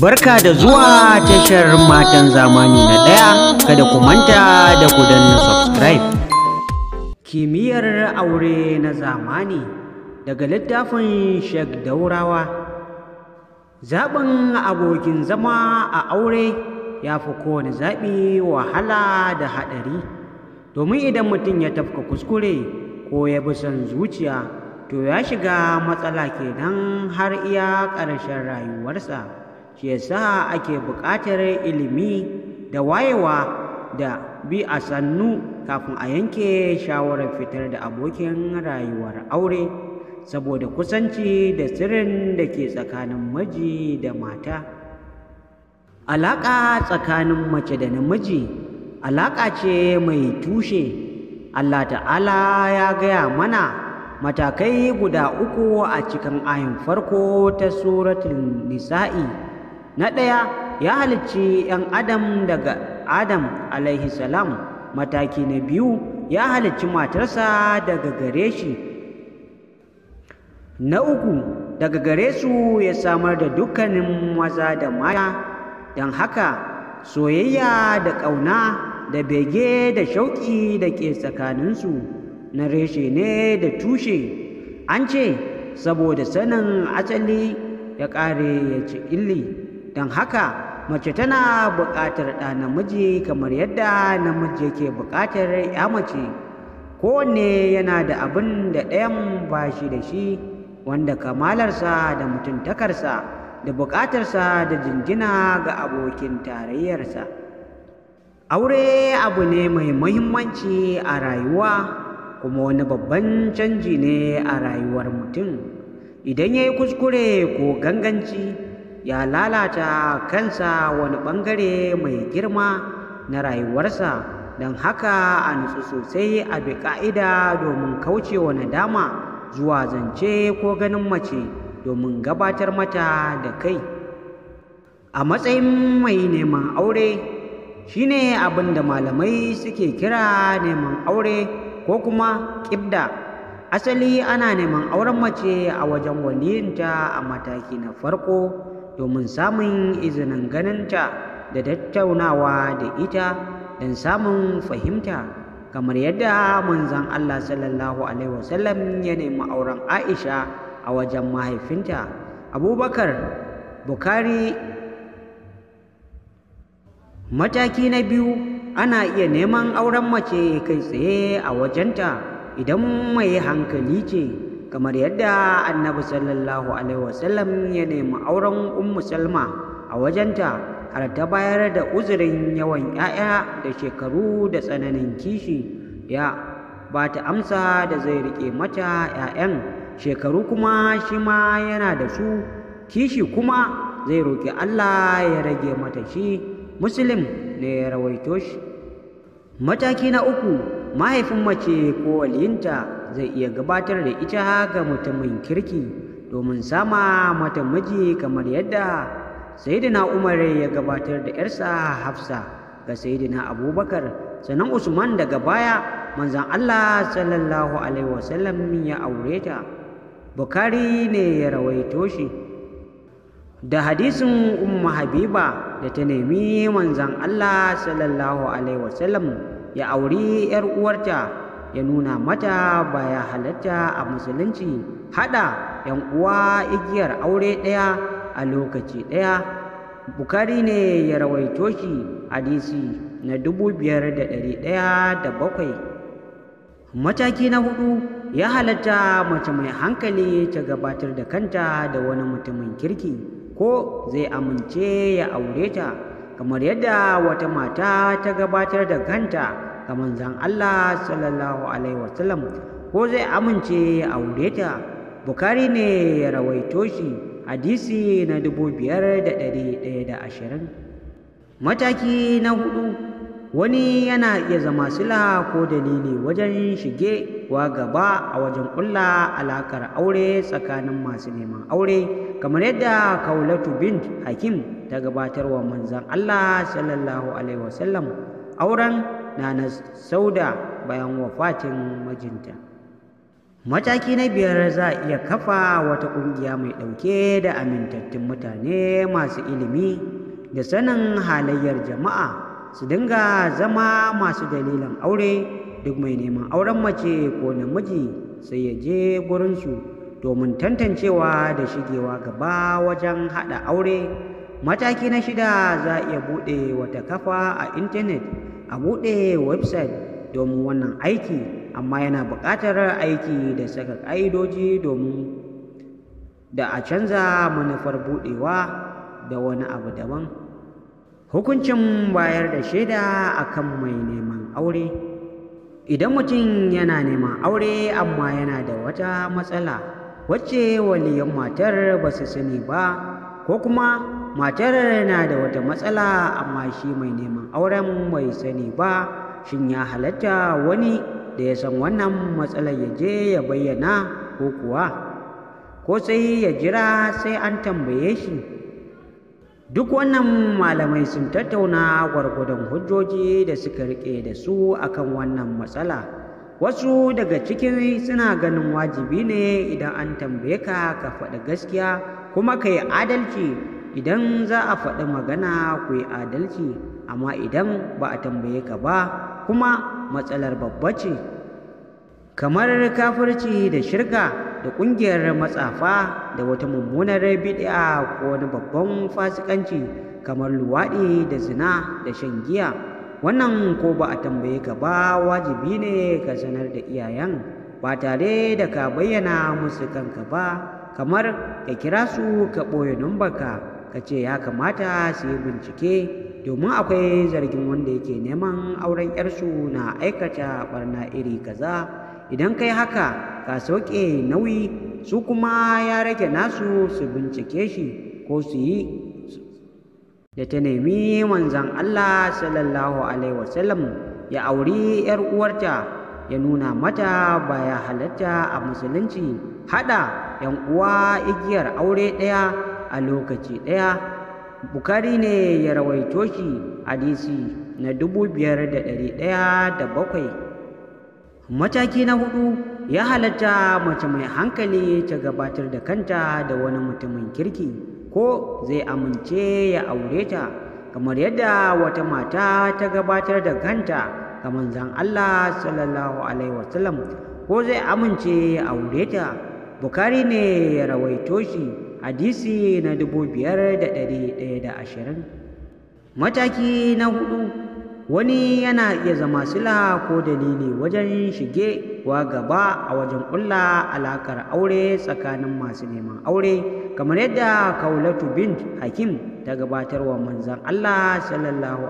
Barka da zuwa tashar matan zamani na ɗaya kada ku manta da ku danna subscribe. Kimiyyar aure na zamani daga littafin Sheikh Daurawa. Zaɓin abokin zama a aure ya fi kowane zaɓi wahala da haɗari. Domin idan mutum ya tafka kuskure ko ya bi son zuciya to ya shiga matsala kenan har iya ƙarshen rayuwarsa. shi yasa ake buƙatar ilimi da wayewa da bi a sannu kafin a yanke shawarar fitar da abokin rayuwar aure saboda kusanci da sirrin da ke tsakanin maji da mata alaƙa tsakanin mace da namiji alaƙa ce mai tushe Allah ta'ala ya gaya mana matakai guda uku a cikin ayin farko ta suratul nisa'i na ɗaya ya halicci 'yan adam daga adam alaihi salam mataki na biyu ya halicci matarsa daga gare shi na uku daga gare su ya samar da dukkanin maza da maya, don haka soyayya da ƙauna da bege da shauƙi da ke tsakaninsu na reshe ne da tushe an ce saboda sanin asali ya ƙare ya ci illi don haka mace tana buƙatar ɗa namiji kamar yadda namiji yake buƙatar ya mace kowanne yana da abin da ɗayan ba da shi wanda kamalarsa da mutuntakarsa da buƙatarsa da jingina ga abokin tarayyarsa aure abu ne mai muhimmanci a rayuwa kuma wani babban canji ne a rayuwar mutum idan ya yi kuskure ko ganganci ya lalata kansa wani ɓangare mai girma na rayuwarsa don haka a nutsu sosai a bi ƙa'ida domin kauce wa nadama zuwa zance ko ganin mace domin gabatar mata da kai a matsayin mai neman aure shi ne abin da malamai suke kira neman aure ko kuma ƙibda asali ana neman auren mace a wajen waliyinta a mataki na farko domin samun izinin ganinta da tattaunawa da ita don samun fahimta kamar yadda manzan Allah sallallahu alaihi wasallam ya nemi auren Aisha a wajen mahaifinta Abubakar Bukari mataki na biyu ana iya neman auren mace kai tsaye a wajenta idan mai hankali ce kamar yadda annabi sallallahu alaihi wasallam ya nemi auren ummu salma a wajenta har ta bayar da uzurin yawan 'ya'ya da shekaru da tsananin kishi ya ba ta amsa da zai riƙe mata 'ya'yan shekaru kuma shi ma yana da su kishi kuma zai roƙi allah ya rage mata shi muslim ne ya rawaito shi mataki na uku mahaifin mace ko waliyinta zai iya gabatar da ita ga mutumin kirki domin sama mata miji kamar yadda sayyidina umar ya gabatar da yarsa hafsa ga sayyidina abubakar Sanan usman daga baya manzon allah sallallahu alaihi wasallam ya aure ta bukari ne ya rawaito shi da hadisin umma habiba da ta nemi manzon allah sallallahu alaihi wasallam ya auri 'yar uwarta ya nuna mata baya halatta a musulunci haɗa 'yan uwa igiyar aure ɗaya a lokaci ɗaya bukari ne ya rawaito shi hadisi na bakwai. mataki na hudu ya halatta mace mai hankali ta gabatar da kanta da wani mutumin kirki ko zai amince ya aure ta kamar yadda wata mata ta gabatar da kanta ga manzan Allah sallallahu alaihi wasallam ko zai amince ya aure ta bukari ne ya rawaito shi hadisi na dubu biyar da ɗari ɗaya da ashirin mataki na hudu wani yana iya zama sila ko dalili wajen shige wa gaba a wajen ƙulla alakar aure tsakanin masu neman aure kamar yadda kaulatu bin hakim ta gabatarwa manzan allah sallallahu alaihi wasallam auren na na sauda bayan wafatin mijinta mataki na biyar za a iya kafa wata ƙungiya mai ɗauke da amintattun mutane masu ilimi da sanin halayyar jama'a su dinga zama masu dalilan aure duk mai neman auren mace ko namiji sai ya je gurinsu domin tantancewa da shigewa gaba wajen haɗa aure mataki na shida za a iya buɗe wata kafa a intanet a buɗe website domin wannan aiki amma yana buƙatar aiki da saka ƙa'idoji domin da a canza manufar buɗewa da wani abu daban hukuncin bayar da shaida akan mai neman aure idan mutum yana neman aure amma yana da wata matsala wacce waliyan matar ba su sani ba ko kuma matar na da wata matsala amma shi mai neman auren bai sani ba shin ya halatta wani da ya san wannan matsalar ya je ya bayyana ko kuwa ko sai ya jira sai an tambaye shi duk wannan malamai sun tattauna gwargwadon hujjoji da suka rike da su akan wannan matsala wasu daga cikin suna ganin wajibi ne idan an tambaye ka ka faɗi gaskiya kuma ka yi adalci idan za a faɗi magana ku yi adalci amma idan ba a tambaye ka ba kuma matsalar babba ce kamar kafirci da shirka da ƙungiyar matsafa da wata mummunar bid'a ko wani babban fasikanci kamar luwaɗi da zina da shan giya wannan ko ba a tambaye ka ba wajibi ne ka sanar da iyayen ba tare da ka bayyana musu kanka ba kamar ka kira su ka ɓoye numbarka ka ce ya kamata su yi bincike domin akwai zargin wanda yake neman auren 'yarsu na aikata barna iri kaza idan kai haka ka sauke nauyi su kuma ya rage nasu su bincike shi ko su yi da ta nemi manzan Allah sallallahu alaihi wasallam ya auri 'yar uwarta ya nuna mata baya halatta a musulunci hada 'yan uwa igiyar aure ɗaya a lokaci ɗaya bukari ne ya rawaito shi hadisi na dubu biyar da ɗari ɗaya da bakwai mataki na hudu ya halatta mace mai hankali ta gabatar da kanta da wani mutumin kirki ko zai amince ya aure ta kamar yadda wata mata ta gabatar da kanta ga manzan Allah sallallahu alaihi wasallam ko zai amince ya aure ta bukari ne ya rawaito shi hadisi na dubu biyar da ɗari ɗaya da ashirin mataki na hudu wani yana iya zama sila ko dalili wajen shige wa gaba a wajen ƙulla alaƙar aure tsakanin masu neman aure kamar yadda kaulatu bin hakim ta gabatarwa manzan allah sallallahu